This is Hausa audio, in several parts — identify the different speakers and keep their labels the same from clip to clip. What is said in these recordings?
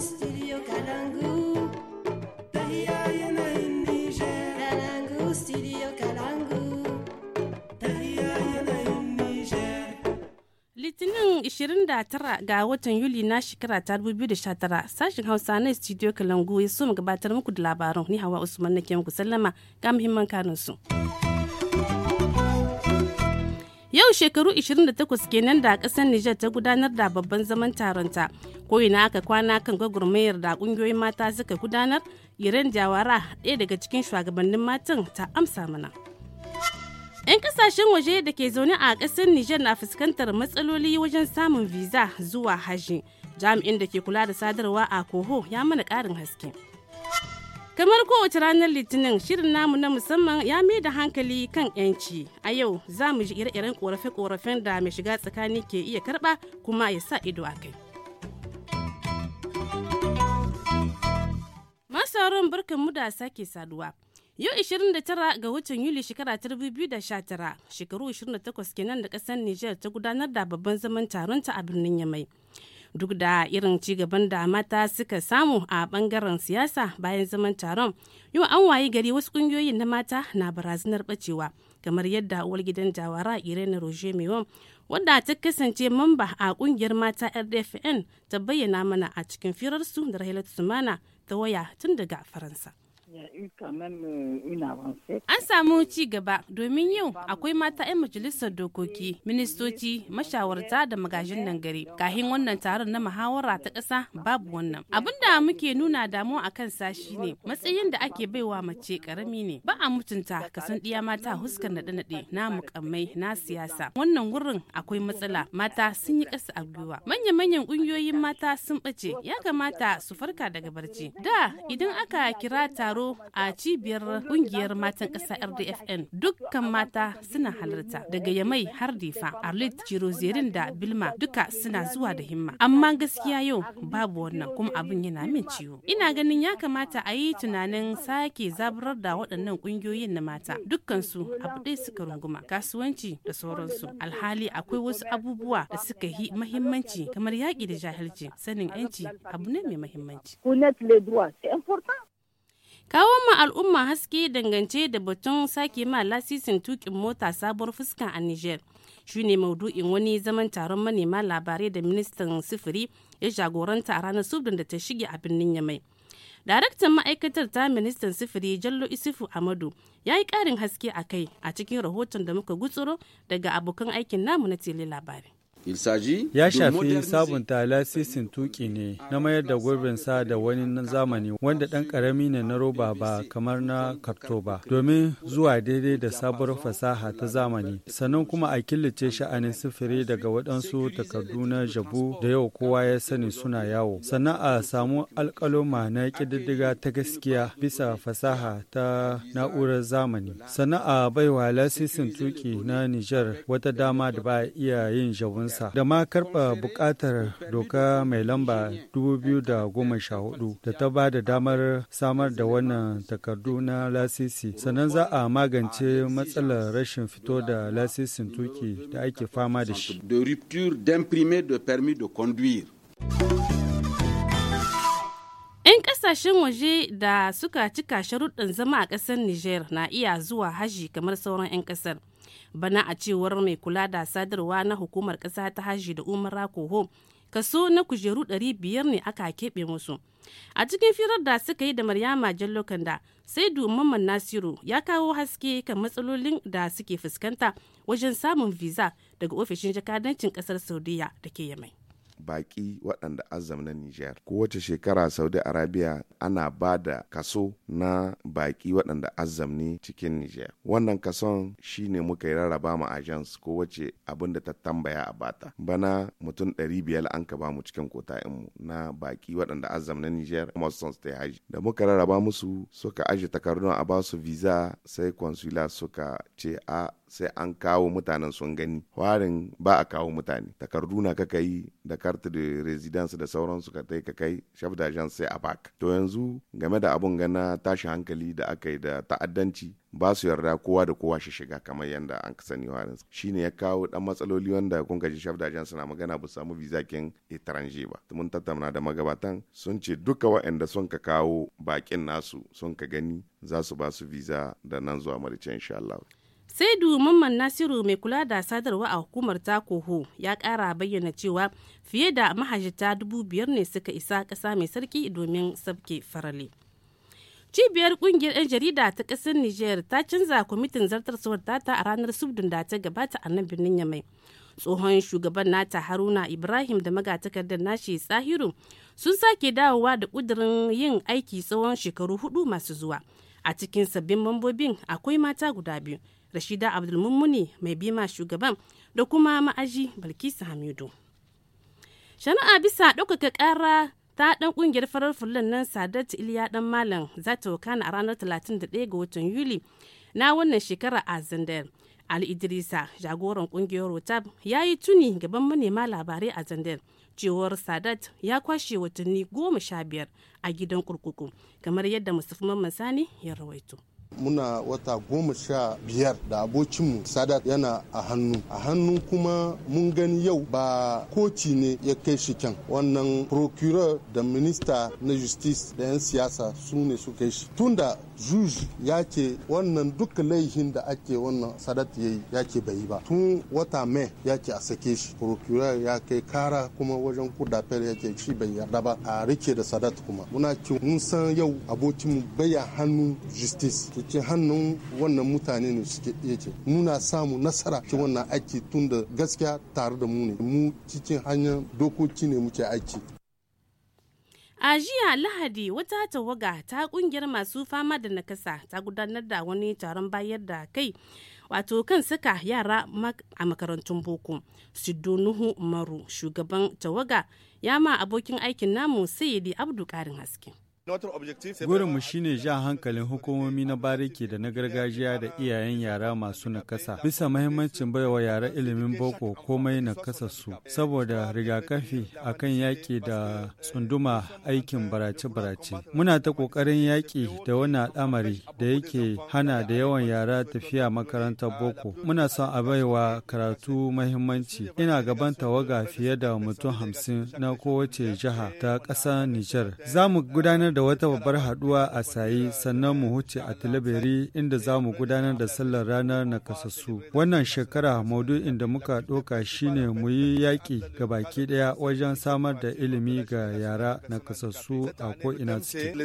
Speaker 1: studio Kalangu. yanayin
Speaker 2: studio Kalangu. yanayin Litinin 29 ga watan Yuli na shekara ta 2019 sashen Hausa na studio Kalangu ya so gabatar muku da labarin ni Hawa Usman nake muku sallama ga muhimman kanunsu. Yau shekaru 28 kenan da kasar Nijar ta gudanar da babban zaman taronta ko'ina aka kwana kan gwagwarmayar da kungiyoyin mata suka gudanar iran jawara ɗaya daga cikin shugabannin matan ta amsa mana 'yan kasashen waje da ke zaune a ƙasar niger na fuskantar matsaloli wajen samun visa zuwa hajji jami'in da ke kula da sadarwa a koho ya mana ƙarin haske kamar kowace ranar litinin shirin namu na musamman ya mai da hankali kan 'yanci a yau za mu ji ire-iren korafe-korafen da mai shiga tsakani ke iya karba kuma ya sa ido a kai sauran barkan mu da sake saduwa. Yau 29 ga watan Yuli shekara 2019 shekaru 28 kenan da kasar Nijar ta gudanar da babban zaman taron ta a birnin Yamai. Duk da irin ci gaban da mata suka samu a bangaren siyasa bayan zaman taron, yau an wayi gari wasu kungiyoyin na mata na barazanar bacewa kamar yadda uwar gidan jawara Irene Roger Mewon wadda ta kasance mamba a kungiyar mata RDFN ta bayyana mana a cikin firarsu da Rahilatu Sumana ta waya tun daga faransa Eh, An samu ci gaba domin yau akwai mata 'yan majalisar dokoki, ministoci, mashawarta da magajin nan gari. Kahin wannan taron na muhawara ta ƙasa babu wannan. Abin da muke nuna damuwa a sashi sashi ne matsayin da ake baiwa mace ƙarami ne. Ba a mutunta kasan ɗiya mata huskar naɗe-naɗe na mukammai na siyasa. Wannan wurin akwai matsala mata sun yi ƙasa a gwiwa. Manya-manyan ƙungiyoyin mata sun ɓace ya kamata su farka daga barci. Da idan aka kira taro taro a cibiyar kungiyar matan ƙasa rdfn dukkan mata suna halarta daga yamai har difa arlit jirozerin da bilma duka suna zuwa da himma amma gaskiya yau babu wannan kuma abin yana min ciwo ina ganin ya kamata a yi tunanin sake zaburar da waɗannan ƙungiyoyin na mata dukkansu abu ɗaya suka runguma kasuwanci da sauransu alhali akwai wasu abubuwa da suka yi mahimmanci kamar yaƙi da jahilci sanin 'yanci abu ne mai mahimmanci. kawo ma al'umma haske dangance da batun sake ma lasisin tukin mota sabuwar fuska a niger shi ne maudu'in wani zaman taron manema labarai da ministan sifiri ya jagoranta a ranar subdin da ta shige a birnin yamai daraktan ma'aikatar ta ministan sifiri jallo isufu amadu ya yi ƙarin haske a kai a cikin rahoton da muka gutsuro daga abokan aikin namu na tele labari
Speaker 1: Ya shafi sabunta lasisin tuki ne na mayar da gurbin sa da wani na zamani wanda ɗan ƙarami ne na roba ba kamar na kafto ba domin zuwa daidai da sabuwar fasaha ta zamani sannan kuma a killace sha'anin sifiri daga waɗansu takardu na jabu da yau kowa ya sani suna yawo sannan a samu alƙaloma na ƙididdiga ta gaskiya bisa fasaha ta na'urar zamani sannan a baiwa lasisin tuki na Nijar wata dama da ba iya yin jabun da ma karba bukatar doka mai lamba 2014 da ta ba da damar samar da wannan takardu na lasisi. Sannan za a magance matsalar rashin fito da lasisin tuki da ake fama da shi.
Speaker 2: ‘Yan kasashen waje da suka cika sharuɗin zama a ƙasar Nijar na iya zuwa haji kamar sauran ‘yan ƙasar. bana a cewar mai kula da sadarwa na hukumar kasa ta hajji da umar rakoho kaso na kujeru 500 ne aka keɓe musu a cikin firar da suka yi da maryama jallo kanda sai domin nasiru ya kawo haske kan matsalolin da suke fuskanta wajen samun visa daga ofishin jakadancin ƙasar saudiya da ke yamai
Speaker 3: baƙi waɗanda azam na Nijar. Kowace shekara Saudi Arabia ana ba da kaso na baƙi waɗanda azam ne cikin Nijar. Wannan kason shi ne muka yi rarraba ma agents kowace abin da ta tambaya a bata. Bana mutum ɗari biyar an ka mu cikin kota mu na baƙi waɗanda azam na Nijar masu ta haji. Da muka rarraba musu suka aje takardun a basu visa sai consular suka ce a sai an kawo mutanen sun gani warin ba a kawo mutane takardu na kaka yi da kartu da residence da sauransu ka kai ka kai chef sai a baka to yanzu game da abun gana tashi hankali da aka yi da ta'addanci ba su yarda kowa da kowa shi shiga kamar yadda an sani warin shine ya kawo dan matsaloli wanda kun ji chef su na magana ba samu visa kin etranger ba mun tattauna da magabatan sun ce duka waɗanda sun ka kawo bakin nasu sun ka gani za su ba su visa da nan zuwa marice insha Allah
Speaker 2: sai Mamman nasiru mai kula da sadarwa a hukumar ta koho ya kara bayyana cewa fiye da mahajjata dubu biyar ne suka isa ƙasa mai sarki domin sabke farale cibiyar kungiyar 'yan jarida ta ƙasar niger ta canza kwamitin zartar data a ranar subdin da ta gabata a nan birnin yamai tsohon shugaban nata haruna ibrahim da magatakardar nashi tsahiru sun sake dawowa da ƙudurin yin aiki tsawon shekaru hudu masu zuwa a cikin sabbin mambobin akwai mata guda biyu rashida abdulmummuni mai bima shugaban da kuma ma'aji balkisa hamidu shari'a bisa ɗaukaka ƙara ta ɗan ƙungiyar farar fulan nan sadat iliya ɗan malam za ta wakana a ranar 31 ga watan yuli na wannan shekara a zandar ali idrisa jagoran ƙungiyar rotab ya yi tuni gaban manema labarai a zandar cewar sadat ya kwashe watanni goma sha biyar a gidan kurkuku kamar yadda musamman sani ya rawaito
Speaker 4: muna wata goma sha biyar da abocinmu sadat yana a hannu a hannu kuma mun gani yau ba koci ne ya kai shi kyan wannan procureur da minista na justice da 'yan siyasa su ne su kai shi tunda juj ya ce wannan duka laihin da ake wannan sadat ya yi ya ce bai yi ba tun wata mai ya ce a sake shi procureur ya kai kara kuma wajen kudafel ya ce shi bai yarda ba a rike da sadat kuma muna ce mun san yau abokinmu baya hannu justice cikin hannun wannan mutane ne suke ya ce muna samu nasara ke wannan aiki tun da gaskiya tare da mu ne mu cikin hanyar dokoki ne muke aiki
Speaker 2: A jiya Lahadi wata tawaga ta kungiyar masu fama da nakasa ta gudanar da wani taron bayar da kai wato kan saka yara a makarantun boko. Sido Nuhu maru shugaban tawaga ya ma abokin aikin namu Sayyidi Abdu Karin Haske.
Speaker 1: Gurinmu ne ja hankalin hukumomi na bariki da na gargajiya da iyayen yara masu nakasa bisa mahimmancin baiwa yara ilimin boko komai nakasa su saboda rigakafi a kan yaƙi da tsunduma aikin barace-barace. Muna ta ƙoƙarin yaƙi da wani al'amari da yake hana da yawan yara tafiya makarantar boko. Muna son a baiwa karatu mahimmanci. Ina gaban tawaga fiye da mutum hamsin na kowace jiha ta ƙasar Nijar. Za mu gudanar da wata babbar haduwa a sayi sannan mu huce a tilaberi inda za mu gudanar da sallar ranar nakasassu. Wannan shekara maudu'in da muka doka shine mu yi yaƙi ga baki ɗaya wajen samar da ilimi ga yara nakasassu a ko'ina ciki.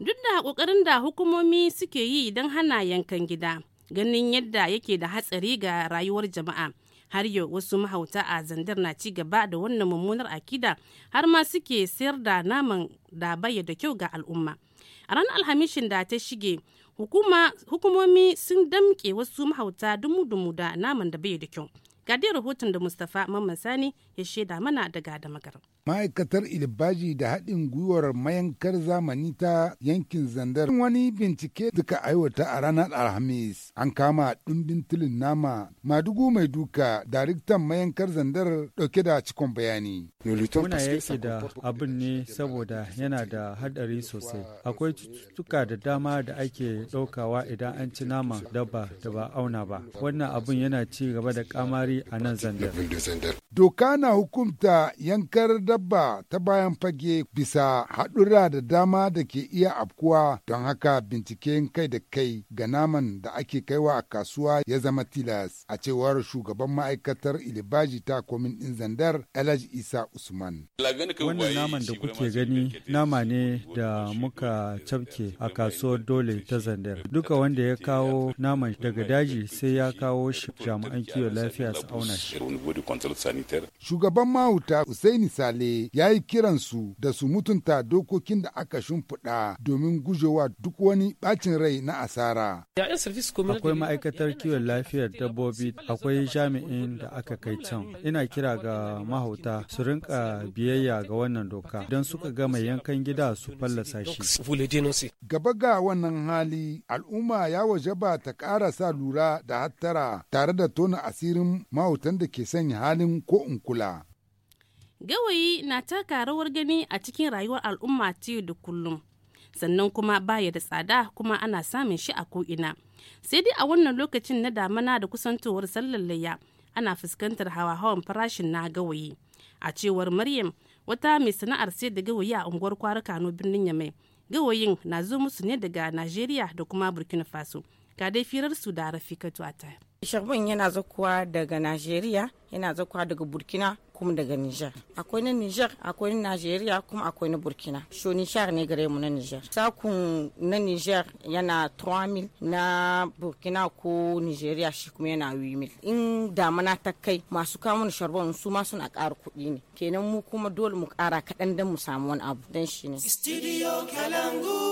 Speaker 2: Duk da ƙoƙarin da hukumomi suke yi don hana yankan gida, ganin yadda yake da hatsari ga rayuwar jama'a. har yau wasu mahauta a zandar na ci gaba da wannan mummunar akida har ma suke sayar da naman da baya da kyau ga al'umma a ranar alhamishin da ta shige hukuma hukumomi sun damke wasu mahauta dumu-dumu da naman da bai da kyau ga dai rahoton da mustapha mamman sani ya shaida mana daga da
Speaker 4: ma'aikatar ilibaji da haɗin gwiwar mayankar zamani ta yankin zandar wani bincike duka aiwata a ranar alhamis an kama ɗumbin tilin nama madugu mai duka daraktan mayankar zandar ɗauke da cikon bayani
Speaker 1: muna yake da abin ne saboda yana da haɗari sosai akwai cututtuka da dama da ake ɗaukawa idan an ci nama dabba da ba auna ba wannan abin yana ci gaba da kamari a nan zandar doka na hukumta yankar da dabba
Speaker 4: ta bayan fage bisa haɗura da dama da ke iya afkuwa don haka binciken kai da kai ga naman da ake kaiwa a kasuwa ya zama tilas a cewar shugaban ma'aikatar ilibaji ta komin din zandar Alhaji Isa Usman.
Speaker 1: Wannan naman da kuke gani nama ne da muka cafke a kasuwar dole ta zandar. Duka wanda ya kawo naman daga daji sai ya kawo shi jami'an kiwon lafiya su auna shi. Shugaban mahuta Usaini Sale Sale ya yi
Speaker 4: kiransu da su mutunta dokokin da aka shimfiɗa domin gujewa duk wani bacin rai na asara.
Speaker 1: Akwai ma'aikatar kiwon lafiyar dabbobi akwai jami'in da aka kai can. Ina kira ga mahauta su rinka biyayya ga wannan doka don suka gama yankan gida su fallasa shi. Gaba ga wannan
Speaker 4: hali al'umma ya waje ba ta ƙara sa lura da hattara tare da tona asirin mahautan da ke sanya halin ko in kula.
Speaker 2: gawayi na taka rawar gani a cikin rayuwar al'umma ta da kullum sannan kuma baya da tsada kuma ana samun shi a ko'ina sai dai a wannan lokacin na damana da kusantowar sallar layya ana fuskantar hawa-hawan farashin na gawayi a cewar maryam wata mai sana'ar sai da gawayi a unguwar kwara kano birnin yamai gawayin na zo musu ne daga najeriya da kuma burkina faso ga dai firar su da rafikatu a Sharbon yana zakuwa daga Najeriya, yana zakuwa daga Burkina kuma daga Niger. Akwai na Niger, akwai na Najeriya kuma akwai na Burkina. Sho Nijar ne gare mu na Niger. Sakun na Niger yana 3000 na Burkina ko Najeriya shi kuma yana 2,000. In damana ta kai masu kamun sharbon su ma suna ƙara kuɗi ne. Kenan mu kuma dole mu ƙara kaɗan da mu samu wani abu don shi ne.
Speaker 1: Studio Kalangu.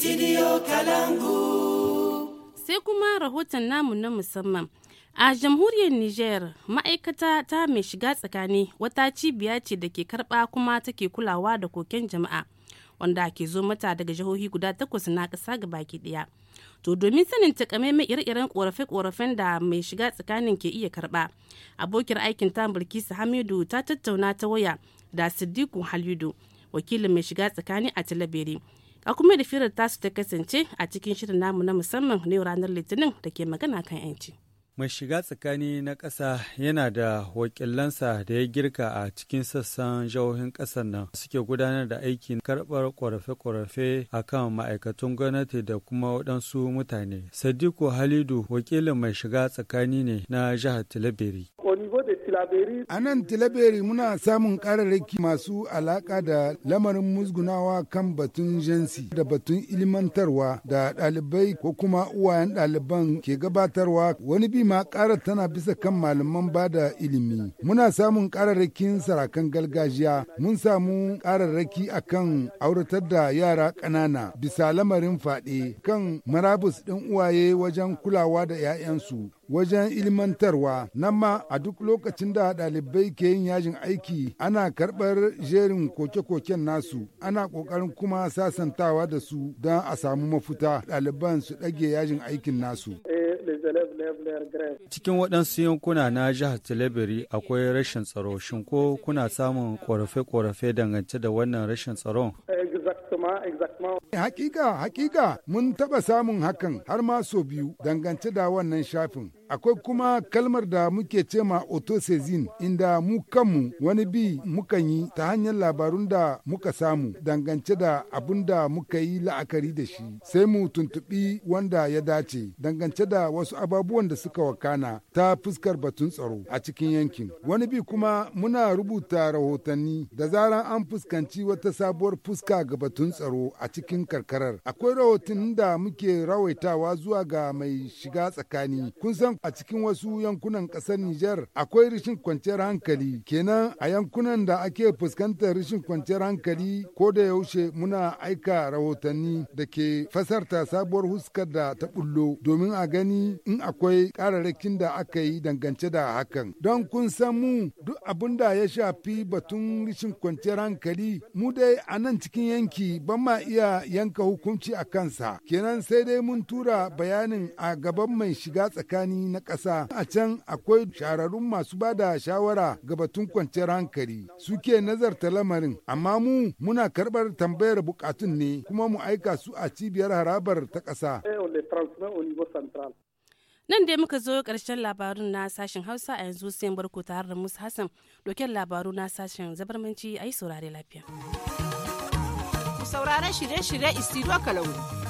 Speaker 1: Studio
Speaker 2: Kalangu. Sai kuma rahoton namu na musamman. A jamhuriyar Nijar, ma'aikata ta mai shiga tsakani wata cibiya ce da ke karɓa kuma take kulawa da koken jama'a. wanda ke zo mata daga jihohi guda takwas na ƙasa ga baki ɗaya. To domin sanin takamaiman ire-iren ƙorafe-ƙorafen da mai shiga tsakanin ke iya karɓa, abokiyar aikin ta Bilkisu Hamidu ta tattauna ta waya da Siddiku Halidu, wakilin mai shiga tsakani a Talabere, a kuma da firar tasu ta kasance a cikin shirin namu na musamman na ranar litinin da ke magana kan 'yanci.
Speaker 1: mai shiga tsakani na ƙasa yana da wakilansa da ya girka a cikin sassan jihohin ƙasar nan suke gudanar da aikin karɓar ƙorafe-ƙorafe a kan ma'aikatan gwamnati da kuma waɗansu mutane sadiku halidu wakilin mai shiga tsakani ne na jihar tilabiri
Speaker 4: A nan Tilaberi muna samun ƙararraki masu alaƙa da lamarin musgunawa kan batun jinsi da batun ilimantarwa da ɗalibai ko kuma uwayen ɗaliban ke gabatarwa wani bi ma ƙara tana bisa kan malaman ba da ilimi. Muna samun kararrakin sarakan gargajiya mun samu kararraki akan auratar da yara ƙanana bisa lamarin faɗe kan marabus ɗin uwaye wajen kulawa da 'ya'yansu wajen ilmantarwa nan ma a duk lokacin da ɗalibai ke yin yajin aiki ana karɓar jerin koke-koken nasu ana ƙoƙarin kuma sasantawa da su don a samu mafuta ɗaliban su ɗage yajin aikin nasu.
Speaker 1: Cikin waɗansu yankuna na jihar Talabiri akwai rashin tsaro, shin ko kuna samun ƙorafe-ƙorafe dangance da wannan rashin tsaron?
Speaker 4: Hakika, hakika, mun taɓa samun hakan har ma sau biyu dangance da wannan shafin. Akwai kuma kalmar da muke cema autosezin inda mu kanmu wani bi mukan yi ta hanyar labarun da muka samu dangance da abun da muka yi la'akari da shi. Sai mu tuntubi wanda ya dace dangance da wasu ababuwan da suka wakana ta fuskar batun tsaro a cikin yankin. Wani bi kuma muna rubuta rahotanni da zaran an fuskanci wata sabuwar fuska ga batun tsaro a cikin karkarar. Akwai rahotannin da muke rawaitawa zuwa ga mai shiga tsakani. Kun san a cikin wasu yankunan ƙasar Nijar akwai rishin kwanciyar hankali. Kenan a yankunan da ake fuskantar rishin kwanciyar hankali ko da yaushe muna aika rahotanni da ke fasarta sabuwar huskar da ta bullo domin a gani in akwai ƙararrakin da aka yi dangance da hakan. Don kun san mu duk abin da ya shafi batun rishin kwanciyar hankali mu dai a nan cikin yanki ban ma iya yanka hukunci a kansa. Kenan sai dai mun tura bayanin a gaban mai shiga tsakani na ƙasa a can akwai shararrun masu ba da shawara ga batun kwanciyar hankali suke nazarta lamarin amma mu muna karɓar tambayar buƙatun ne kuma mu aika su a cibiyar harabar ta ƙasa.
Speaker 2: Nan dai muka zo karshen labarun na sashen Hausa a yanzu sai barku tare da Musa Hassan doken labaru na sashen zabarmanci ayi saurare lafiya. ku saurari shirye-shirye istiduwa Kalangu.